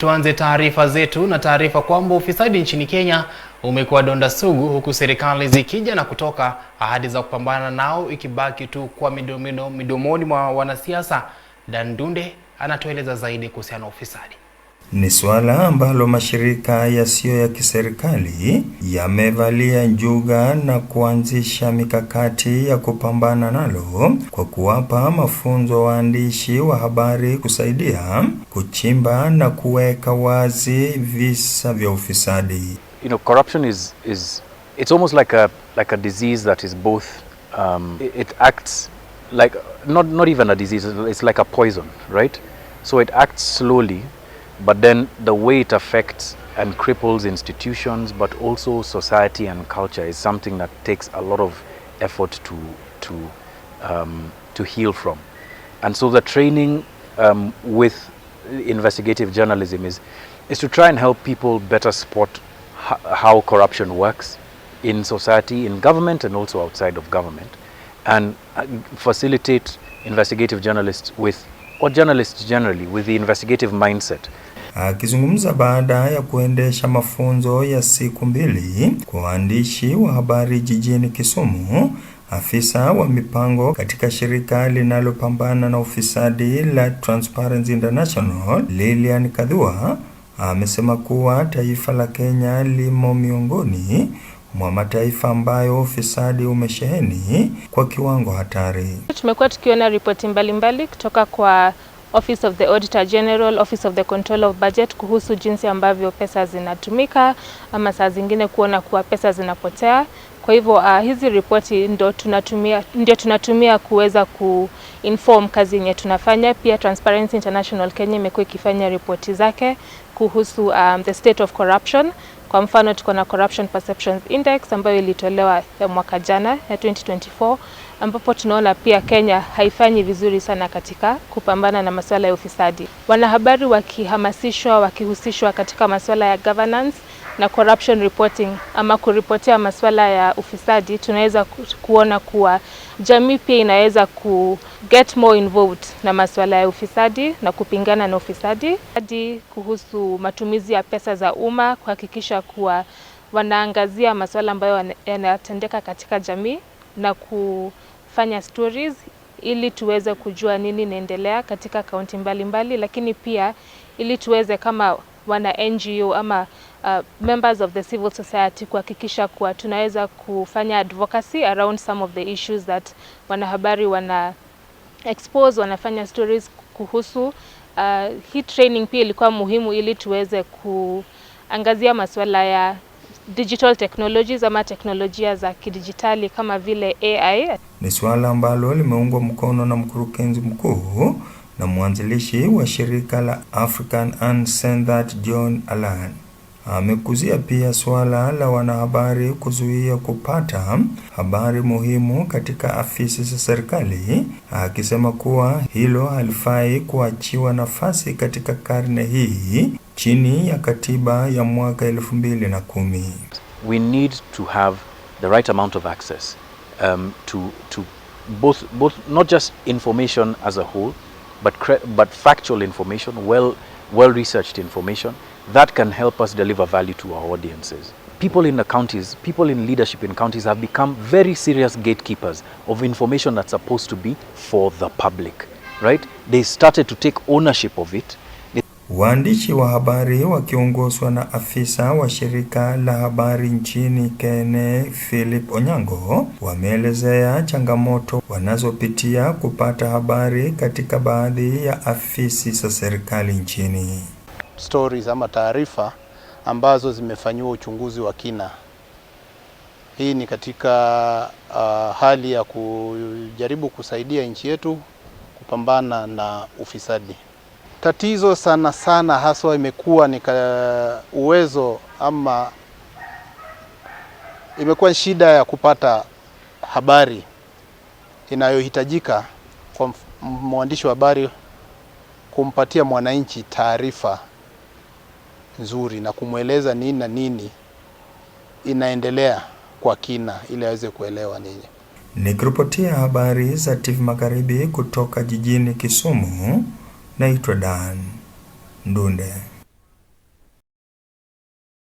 Tuanze taarifa zetu na taarifa kwamba ufisadi nchini Kenya umekuwa donda sugu, huku serikali zikija na kutoka, ahadi za kupambana nao ikibaki tu kwa midomoni mwa wanasiasa. Dan Dunde anatueleza zaidi kuhusiana na ufisadi. Ni suala ambalo mashirika yasiyo ya kiserikali yamevalia njuga na kuanzisha mikakati ya kupambana nalo kwa kuwapa mafunzo waandishi wa habari kusaidia kuchimba na kuweka wazi visa vya ufisadi. You know, corruption is, is, it's almost like a, like a disease that is both, um, it acts like, not, not even a disease, it's like a poison, right? So it acts slowly but then the way it affects and cripples institutions but also society and culture is something that takes a lot of effort to to um, to heal from and so the training um, with investigative journalism is is to try and help people better spot how corruption works in society in government and also outside of government and uh, facilitate investigative journalists with or journalists generally with the investigative mindset Akizungumza baada ya kuendesha mafunzo ya siku mbili kwa waandishi wa habari jijini Kisumu, afisa wa mipango katika shirika linalopambana na ufisadi la Transparency International, Lilian Kadhua, amesema kuwa taifa la Kenya limo miongoni mwa mataifa ambayo ufisadi umesheheni kwa kiwango hatari. Tumekuwa tukiona ripoti mbalimbali kutoka kwa Office of the Auditor General, Office of the Control of Budget kuhusu jinsi ambavyo pesa zinatumika ama saa zingine kuona kuwa pesa zinapotea. Kwa hivyo uh, hizi ripoti ndio tunatumia, ndio tunatumia kuweza kuinform kazi yenye tunafanya. Pia Transparency International Kenya imekuwa ikifanya ripoti zake kuhusu um, the state of corruption kwa mfano tuko na Corruption Perceptions Index ambayo ilitolewa ya mwaka jana ya 2024 ambapo tunaona pia Kenya haifanyi vizuri sana katika kupambana na masuala ya ufisadi. Wanahabari wakihamasishwa, wakihusishwa katika masuala ya governance na corruption reporting ama kuripotia masuala ya ufisadi, tunaweza kuona kuwa jamii pia inaweza ku get more involved na masuala ya ufisadi na kupingana na ufisadi, hadi kuhusu matumizi ya pesa za umma, kuhakikisha kuwa wanaangazia masuala ambayo yanatendeka katika jamii na kufanya stories ili tuweze kujua nini inaendelea katika kaunti mbalimbali, lakini pia ili tuweze kama wana NGO ama uh, members of the civil society kuhakikisha kuwa tunaweza kufanya advocacy around some of the issues that wanahabari wana expose, wanafanya stories kuhusu. Uh, hii training pia ilikuwa muhimu ili tuweze kuangazia masuala ya digital technologies ama teknolojia za kidijitali kama vile AI. Ni suala ambalo limeungwa mkono na mkurugenzi mkuu na mwanzilishi wa shirika la African Uncensored John alan Amekuzia pia suala la wanahabari kuzuia kupata habari muhimu katika afisi za serikali, akisema kuwa hilo halifai kuachiwa nafasi katika karne hii chini ya katiba ya mwaka elfu mbili na kumi. We need to have the right amount of access um, to, to both, both not just information as a whole but, but factual information, well, well researched information that can help us deliver value to our audiences. People in the counties, people in leadership in counties have become very serious gatekeepers of information that's supposed to be for the public, right? They started to take ownership of it Waandishi wa habari wakiongozwa na afisa wa shirika la habari nchini Kenya Philip Onyango wameelezea changamoto wanazopitia kupata habari katika baadhi ya afisi za serikali nchini. Stories ama taarifa ambazo zimefanyiwa uchunguzi wa kina. Hii ni katika uh, hali ya kujaribu kusaidia nchi yetu kupambana na ufisadi. Tatizo sana sana haswa imekuwa ni uwezo ama imekuwa shida ya kupata habari inayohitajika kwa mwandishi wa habari kumpatia mwananchi taarifa nzuri na kumweleza nini na nini inaendelea kwa kina ili aweze kuelewa nini. Nikiripotia habari za TV Magharibi kutoka jijini Kisumu. Naitwa Dan Ndunde.